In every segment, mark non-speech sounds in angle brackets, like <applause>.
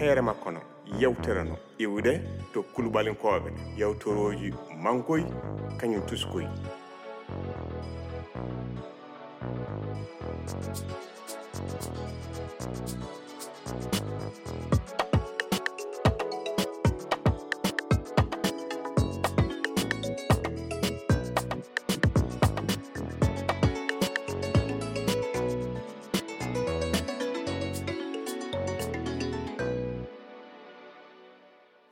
heere makko no yewtere no iwde to kulubalinkoɓe yewtoroji mankoy kañum tuskoy Thank you.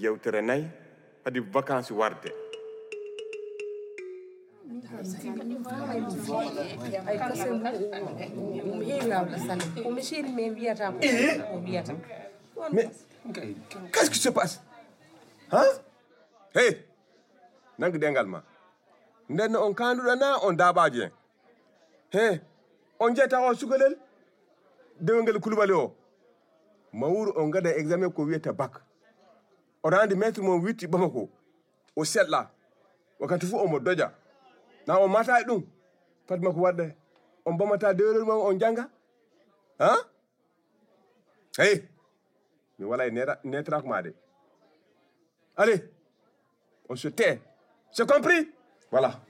yewtere nayi hade vacances warde mais qu'est ce qui se passe hein hey nangu dengal ma nden on kanduɗo na on daabaji en he on jeyata o sugalel dewel ngel kulubali o mawuru on gada examen ko wiyata bac a andi maître witti bamako o seɗɗa na o mata e ɗum on bamata dewrel on janga Hein? hey mi wala e netrako ma allez on se tait c'est compris voilà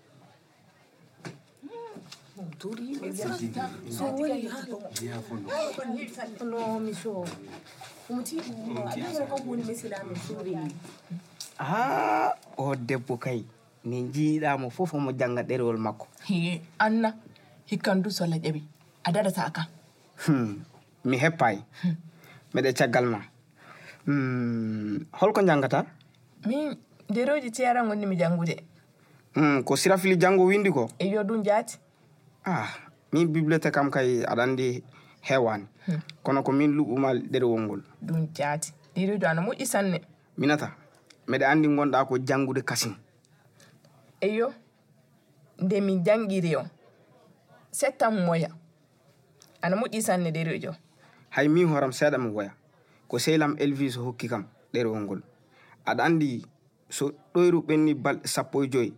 ha o debbo kay min jiiɗamo fof omo janga ɗerewol makko anna hikkan du solla ƴaɓi a daɗata kam hmm, mi heppayi hmm. meɗe caggal ma hmm, holko jangata min nderoji ciyaran gonni mi jangude ko sirafili jango windi ko eyo ɗum jaati a ah, min biblioté kam kay aɗa anndi heewani Hmm. kono ko min luɓumal ɗerewol ngol ɗum jaati ɗiɗiɗo ana moƴƴi sanne minata mbeɗa anndi ngonɗa ko janngude kasin eyo nde min janngiri on settan moya ana moƴƴi sanne ɗerejo hay min horam seeɗa mi woya ko sehlam elvis hokki kam ɗerewol ngol aɗa anndi so ɗoyru ɓenni balɗe sappo e joyi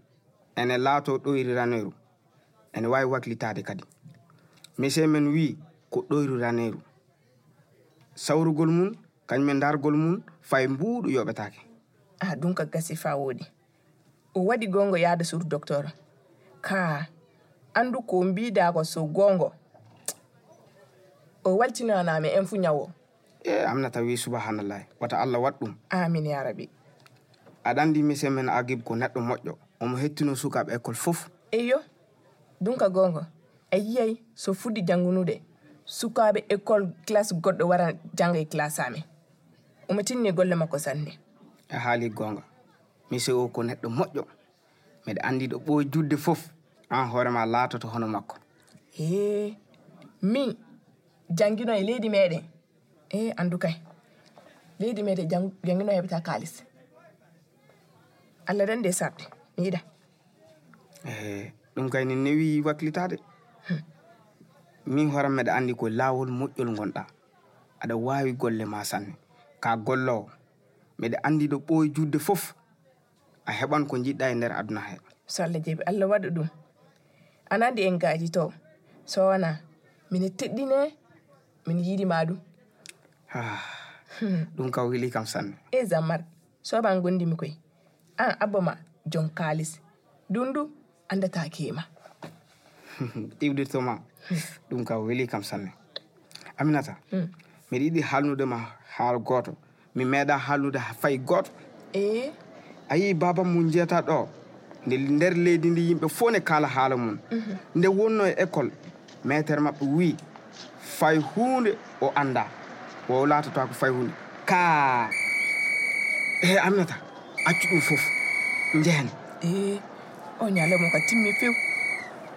ene laato ɗoyri raneru ene waawi waklitaade kadi mais se min wii ko ɗoyru raneru sawrugol mum kañumen dargol mum fay mbuuɗu yoɓetake a ah, ɗum ka gasi fa woodi o waɗi gongo yahda suudu docteur ka andu ko mbiɗa ko so gongo o waltinanami en fu ñawo e amnata wi subhanallahi wata allah waɗ ɗum amin ya rabi aɗa andi mise men agib ko neɗɗo moƴƴo omo hettino sukaɓe école fof eyyo ɗum ka gongo a yiyay so fuɗɗi jangunude sukaaɓe école classe goɗɗo wara jannga e classe amen omi tinni e golle makko sanne a e haali goonga monsieur o ko neɗɗo moƴƴo mbiɗa anndi ɗo ɓooyi judde fof aan hoorema laatoto hono makko e min janngino e leydi meɗen e anndu kay leydi meɗen janngino heɓata kaalis allah dande sarde mi yiɗa e ɗum kay ne newi waklitaade hmm. min horan meɗa anndi ko laawol moƴƴol ngonɗa aɗa waawi golle ma sanne ka golloowo miɗa anndi ɗo ɓooyi juɗde fof a heɓan ko njiɗɗa e nder aduna he so allah jeeɓi allah waɗa ɗum ana andi en gaaji to so wona mine teɗɗine min yiɗima ɗum ah, hmm. ɗum kam wili kam sanne e zammar soban gondimi koye an abba ma jon kaalis ɗum ɗum anndataake ma <laughs> iwdirtoma <laughs> ɗum kam weeli kam sanne aminata mbiɗa mm. yiɗi haalnude ma haal gooto mi meeɗa haalnude fayi gooto eh? a yii baaba mum jeeta ɗo nde nder leydi ndi yimɓe fof ne kaala haala mum mhm. nde wonno e école maitere maɓɓe wii fay huunde o annda o laatata ko fay huunde ka ey eh, aminata accu ɗum fof njehen eh, o ñalemo ka timmi few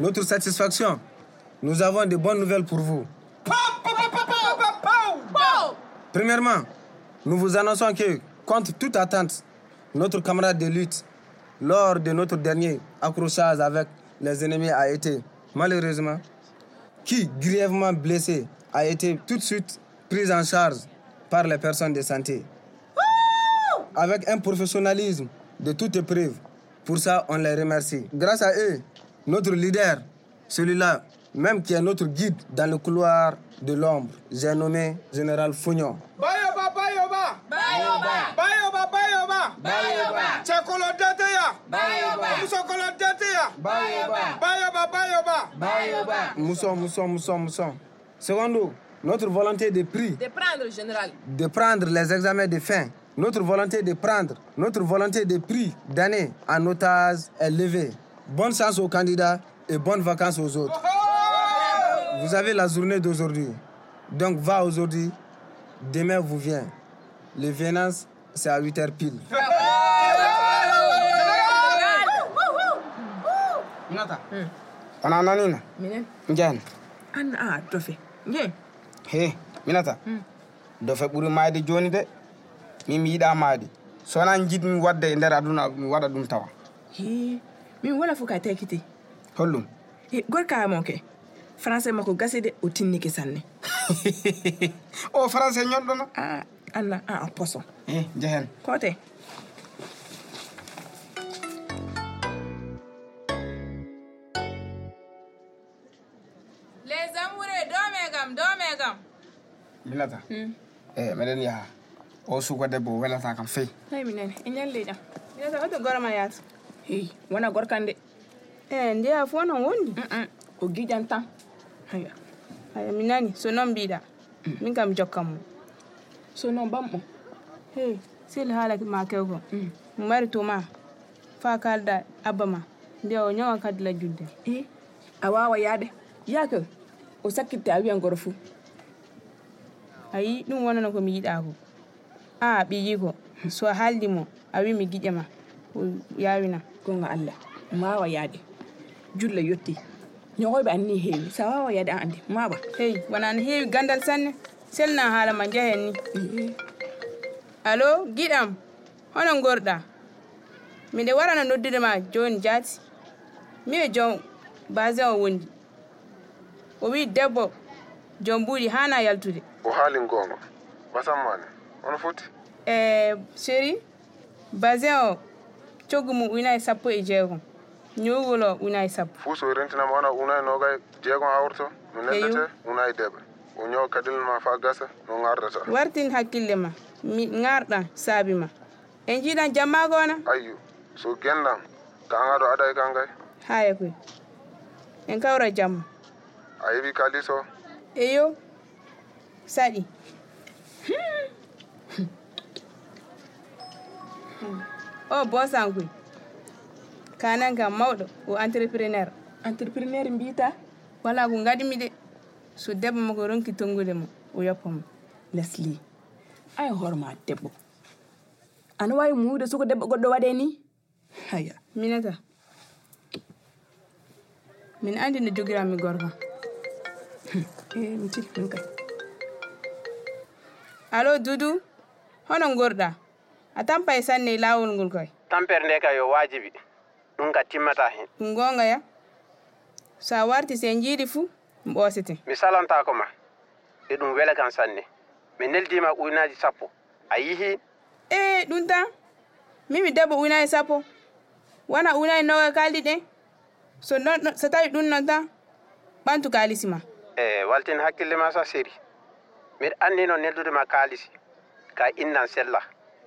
notre satisfaction. Nous avons de bonnes nouvelles pour vous. Premièrement, nous vous annonçons que, contre toute attente, notre camarade de lutte, lors de notre dernier accrochage avec les ennemis, a été, malheureusement, qui, grièvement blessé, a été tout de suite pris en charge par les personnes de santé. Avec un professionnalisme de toute épreuve. Pour ça, on les remercie. Grâce à eux, notre leader, celui-là même qui est notre guide dans le couloir de l'ombre, j'ai nommé Général fougnon Bayoba, Bayoba Bayoba Bayoba Bayoba Bayoba Dateya! Bayoba Nous Bayoba Bayoba Bayoba Mousson, Mousson, Mousson, Mousson. Secondo, notre volonté de prix. De prendre, Général. De prendre les examens de fin. Notre volonté de prendre, notre volonté de prix d'année en otage est levée. Bon sens aux candidats et bonnes vacances aux autres. Vous avez la journée d'aujourd'hui. Donc va aujourd'hui. Demain, vous vient. Les Vénans, c'est à 8h pile. ana es na hmm. ngen an a dofe ah, Hey, minata hmm. dofe pour maade joni de Mimi de. yiɗa ida so là jiɗmi wadde e nder aduna mi wada dum tawa min wala fo ka tawi kiti hollum gorka mon ke français makko gasi de o tinniki sanne <laughs> o français ñonɗono a ah, allah a ah, a ah, poson e jehen kote les amoureux do megam do megam milata hmm. e meɗen yaha o suka debbo welata kam feyi tawi minen e ñalli jam milata oto goroma yaata hey wona gorkan de e eh, ndeya fof non wondi o giƴan tan aya mi nani so noon mbiɗa min mm. kam jokkam mo so noon bammo hey sel haala ma kewko mo mm. mari to ma fa kalda abba ah, hmm. ma ndeya o ñawa kadi la judde a wawa yaade yaake o sakkitte a wiyan goro fuu ayi ɗum wonano ko mi yiɗa ko a ɓiyi ko so a haaldi mo a wi mi giƴe ma yawina gonga allah mawa yaade julla yetti ñogoyɓe anni heewi sa wawa yaade an andi mawa hey wona no heewi gandal sanne selna haala ma jehen ni allo giɗam hono gorɗa miɗe warano noddudema joni jaati mi e joom basin o wondi o wi debbo joom buuɗi hana yaltude o haali gonga basammane hono foti e eh, séri basin o coggumu ujunaje sappo e jeegom ñowolo ujunaje sappo fuu so rentinama wona ujunaje nogaye jeegom awrto no neɗɗete ujunaje deɓe o ñowa kadilma fa gasa no gardata wartin hakkille ma mi garɗan saabi ma en jiiɗan jammago ona ayyo so gendan ka gaɗo aɗa e kan haye haya en kawra jamma a heeɓi kalis o eyo saɗi hmm. <laughs> hmm. o bosangoy kanan kam mawɗo o entrepreneur entrepreneur mbiyta wala ko gaɗimi de so debbo mako ronki tongude mo o yoppamo lesli ay horma debbo ana wawi muwde soko debbo goɗɗo waɗe ni aya minata min andi no jogirammi gorkam <laughs> e eh, mi tili ɗum kay alo doudou hono gorɗa a tan pay sanne lawol ngol kay tampere nde kay yo wajibi ɗum ka timmata hen ɗum gonga ya so a warti se jiiɗi fuu mi ɓoosete mi salanta ko ma e ɗum wele kan sanne mi neldima uynaji sappo a yihi e ɗum tan min mi debbo uynaji sappo wona uynaji noga kalɗi ɗen so non so tawi ɗum noon tan ɓantu kalisi ma e waltin hakkille ma sa seri miɗa anndino neldude ma kalisi ka innan sella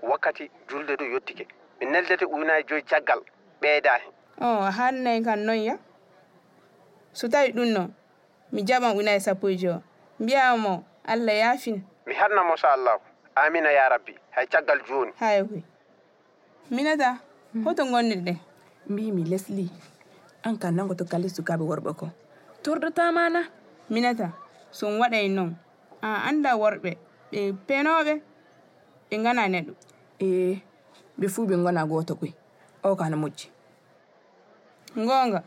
wakkati juulde ɗo yettike mi neldete ujunaji joyi caggal ɓeydani o hannayi kan noon ya so tawi ɗum noon mi jaɓan ujunaji sappo e joo mbiyamo allah yaafin mi hanna sa allahu amina ya rabbi hay caggal joni hay hoy minata hmm. hoto gonɗirɗe mi lesli an kan nango to kalli sukaɓe worɓe ko torɗotamana minata so n waɗay noon a annda worɓe ɓe penoɓe ɓe ngana neɗɗo ee eh, bifubi ngona goto kwe o kana mucci ngonga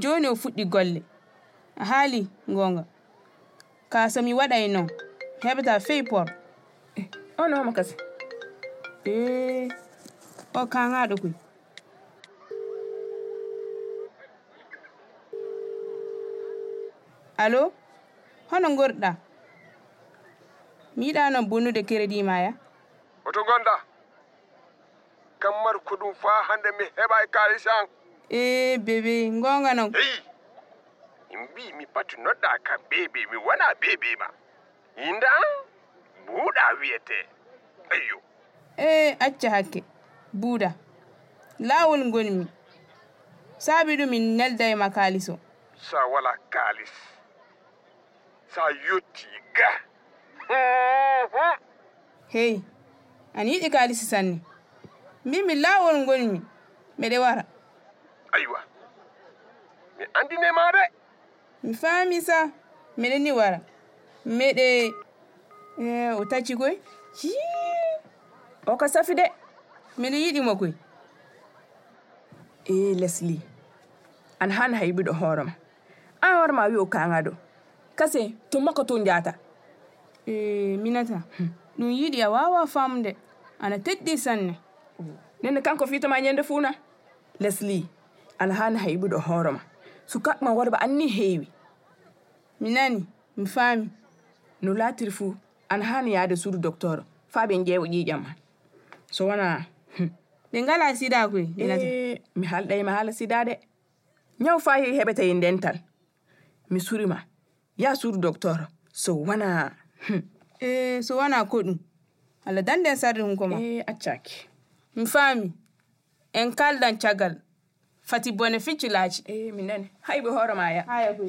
joni o fuddi golle a haali ngonga ka so mi waɗay noon heɓata fey por eh, eh, o noma kase ee o kaŋaɗo koy alo hono gorɗa mi yiɗa noon bonnude crédit ma ya oto gonɗa kamar kudu fa hande mi heɓa e kalisan eh bebe gonga nan. ei in bi mi patu noɗɗa ka bebe mi wana bebe ma yinda buda wiyete ayyo eh acca hakke buuda laawol gonmi saabi ɗum min nelda e ma kaaliso sa wala kalis. sa yuti ga <laughs> hey ani di kaalisi sanne min mi laawol ngonmi mbeɗe wara aywa mi andine ma de mi faami sa miɗe ni wara miɗe o eh, tacci koy i o ka safi de miɗe yiɗimo koy e eh, lesli an han haybiɗo hoorema an warma wi o kaŋa ɗo kase to ko to jata ee eh, minata ɗum hm. yiɗi a wawa famde ana teɗɗi sanne nenne kanko fiitama ñande fuuna lesli ana haani hayiɓuɗo hooro ma sukaɓma worɓe anni heewi mi nani mi faami no laatiri fuu ana haani yahde suudu docteur faa ɓen ƴeewo ƴiiƴam ma so wona hmm. ɓe ngala sidakoy e? eh, mi halɗay ma haala sidaade ñaw faa hi heɓeta e ndental mi surima yaa suudu docteur so wona hmm. eh, so wona koɗum allah dannden e sarde ɗum ko ma eh, accaki e, mfaami en kaldan cagal fati bone ficcilaaji e eh, mi nani hayɓe hoore ma ya haya koy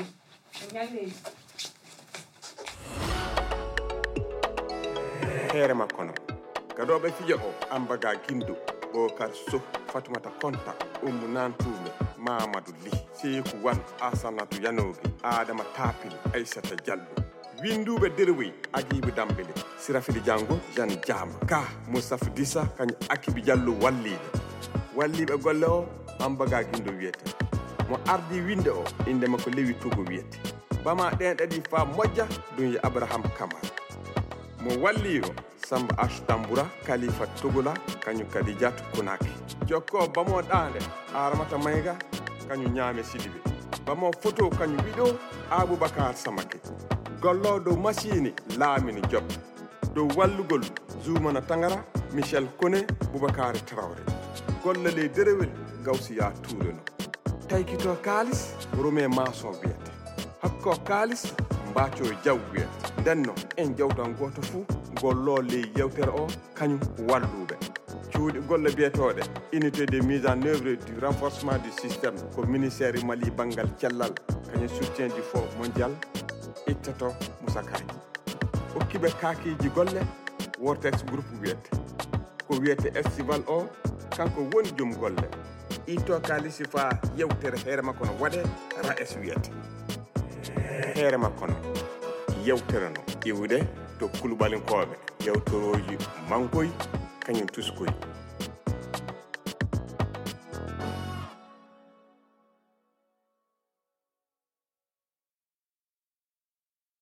ñalleji heere makko no gadoɓe fija o ambaga guindo bokar sow fatumata konta ummu nan tuume mamadou ly seykou wan asanatu yanobi adama tapil aissata diallo winduɓe derowey aguibe dambele sirafili diango jan diama ka moussaha dissa kañum akibi diallo walliɓe walliɓe golle o ambaga guindo wiyete mo ardi winde o indema ko lewi togo wiyete bama ɗen ɗaɗi fa moƴƴa ɗum yo abraham kamar mo walli o samba ach tamboura kalifa togola kañum kadi diatu konaki jokko bamo ɗande aramata mayga kañum ñaame sidiɓe bamo photo kañum wiɗo aboubacar samake gollo dow masiini laamini job do wallugol zoumana tangara michel kone traoré gollo de derewel gawsiya tay taykito kalis rome maçon wiyete hakko kalis mbacho jaw denno en jawtan gooto fuu gollo ley yewtere o kanyu walluɓe cuuɗi golle biyeteeɗe unité de mise en œuvre du renforcement du système ko ministère mali banngal cellal kañum soutien du fonds mondial ittoto musakaji hokkiɓe kaakiji golle wortes groupe wiyete ko wiyete estival o kanko woni joom golle itto kalisi fa yewtere heere makko no waɗe ra es wiyete heere makko no yewtere no iwde to kulɓalinkoɓe yewtoroji mankoye kañum tuskoye